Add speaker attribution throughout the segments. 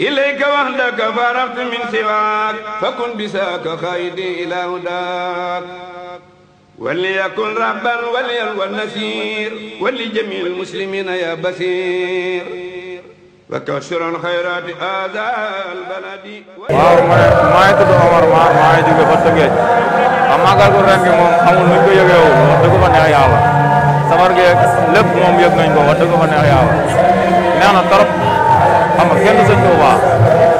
Speaker 1: إليك وحدك فارقت من سواك فكن بساك خيدي إلى هداك وليكن ربا وليروى النسير ولجميع المسلمين يا بصير وكشر الخيرات هذا البلد
Speaker 2: ما يتبع عمر ما ما يجيب فتكيت أما قال قرآن كي مهم أمون نكو يجيو وطكو بني آيه آوه سمر كي لب مهم يجنين كو وطكو بني آيه آوه نانا ترب kenn sëñ Touba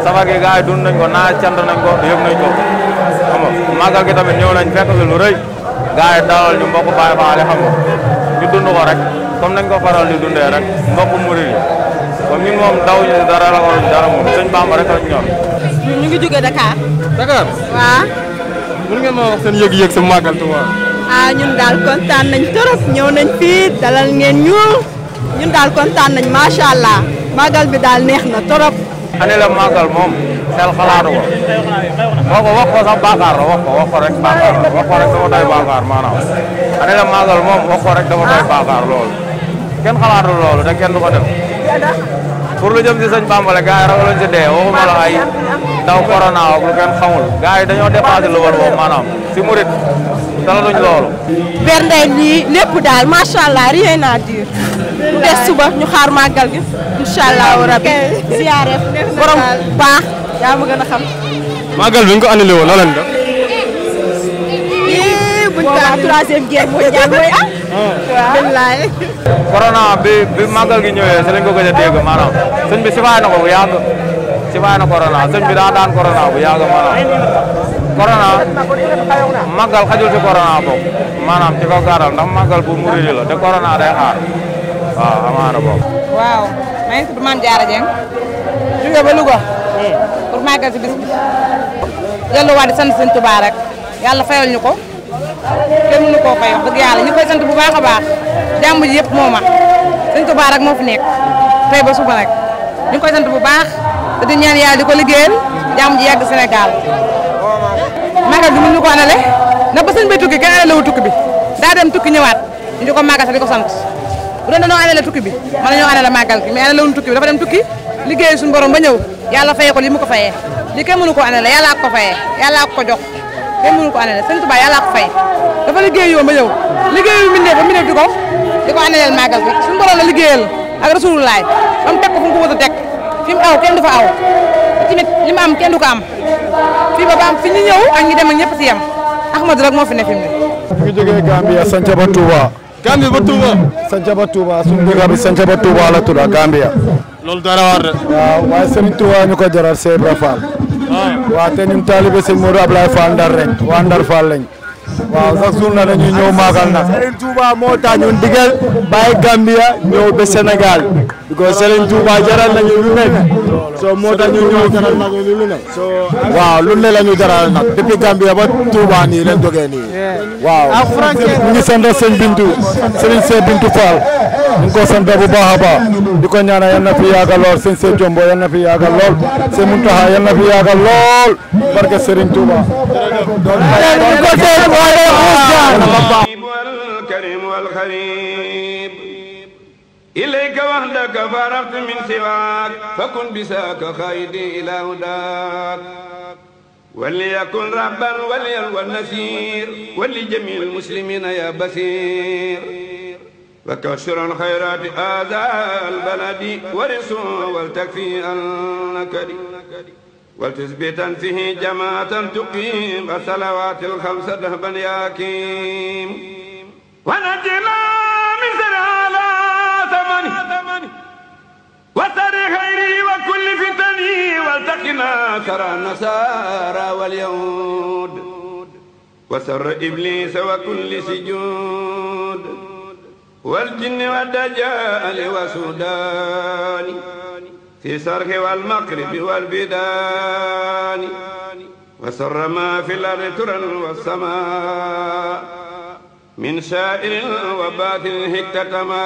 Speaker 2: safar gi gars yi dund nañ ko naa cant nañ ko yëg gi tamit ñëw nañ fekk lu rëy gars dalal ñu mbokk Baye Fall xam nga ñu rek comme nañ ko faral dundee rek mbokk murid yi comme moom daw ñu dara la ko dara moom sëñ Bamba rek lañ ñor.
Speaker 3: ñu ngi jógee Dakar. Dakar waaw. mën ngeen ma wax seen yëg-yëg sa màggal Touba. ah ñun daal kontaan nañ trop ñëw nañ fii dalal ngeen ñu ñun daal kontaan nañ macha ma bi daal neex na torop
Speaker 2: xane la màggal moom xel xalaatu ko boo ko wax ko sax bàkkaar la wax ko wax ko rek bàkkaar la wax ko moom wax ko rek dafa loolu kenn xalaatul loolu te kenn du ko def lu jëm si sëñ Bambale gars yi rek lañ si dee waxuma la ay daw corona ak lu kenn xamul gars yi dañoo dépassé lu war boobu maanaam si murit talaluñ loolu.
Speaker 3: bernde lii lépp daal macha allah rien à dire bu suba ñu xaar màggal gi incha allahu rabi ziyaare borom baax yaa ma xam.
Speaker 2: màggal bi ñu ko annulé woon lan la.
Speaker 3: waaw troisième guerre mondiale mooy am. waaw
Speaker 2: corona bi bi màggal gi ñëwee si ko gëj a dégg maanaam sëñ bi sifaay na ko bu yàgg. ci bàyyi na corona sëñ bi daa daan corona bu yàgg maanaam corona màggal xajul ci corona ci ko gàddal ndax màggal bu muridi la te corona day xaar waaw amaana boobu.
Speaker 3: waaw maa ngi tudd Mame Diarra Dieng. jóge ba Louga. Eh. pour màggal ci bis bi. delluwaat di sant sëñ Tuubaa rek yàlla fayal ñu ko kenn mënu koo fay wax dëgg yàlla ñu koy sant bu baax a baax jàmm ji yëpp moo ma sëñ Tuubaa rek moo fi nekk tey ba suba rek ñu koy sant bu baax. te di ñaan yàlla di ko liggéeyal jàmm ji yàgg Sénégal màggal gi mënuñu ko anale ndax ba sëñ bay tukki kenn anale tukki bi daa dem tukki ñëwaat ñu di ko màggal sax di ko sant bu doon dañoo anale tukki bi mën nañoo anale màggal gi mais anale wuñu tukki bi dafa dem tukki liggéey suñu borom ba a yàlla fayee ko li mu ko fayee li kenn mënu ko anale yàlla a ko fayee yàlla ak ko jox kenn mënu ko anale sëñ ko fay dafa liggéey yoon ba ñëw liggéey yu ba mbindee di ko di ko analeel màggal gi la liggéeyal a teg fi mu am kenn du ko am fii ba ba am fi ñu ñëw ak ñi dem ak ñëpp si yem Ahmadou rek moo fi ne fi mu ne. ñu
Speaker 2: ngi jógee Gambia sanca ba ba Touba. sanca ba Touba suñu ba Touba la tudda Gambia.
Speaker 3: loolu dara war de. waaw waaye Serigne
Speaker 2: Touba ñu ko jaral Cheikh Ibra Fall. waaw te ñun taalibe Serigne Modou Ablaye Fall Ndar rek waa Ndar Fall lañ. waaw sax suul na dañuy ñëw maagal nag. Serigne Touba moo ñun digal bàyyi Gambia ñëw ba Sénégal because Serigne Touba jaral nañu lu nekk. soo moo tax ñu ñëw jaral nag lu ne waaw lu ne la ñu jaral nag depuis Gambia ba Touba nii waaw ñu ngi sant sëñ Bintu sëriñ Sey Bintu Fall ñu ko sant bu baax a baax di ko ñaanal yal na fi yàgg lool sëñ Sey Jombo yal na fi yàgg lool sëñ Muntaxa yal na fi yàgg lool barke Sëriñ Touba doon
Speaker 1: إليك وحدك فرغت من سواك فكن بساك خيدي إلى هداك وليكن ربا وليا والنسير ولجميع المسلمين يا بصير وكشر الخيرات آذى البلد ورسوا والتكفي النكد والتثبيتا فيه جماعة تقيم الصلوات الخمس ذهبا يا كيم كرى النصارى واليهود وسر إبليس وكل سجود والجن والدجال والسودان في سرك والمغرب والبدان وسر ما في الأرض ترى والسماء من شائر وباطل هكتما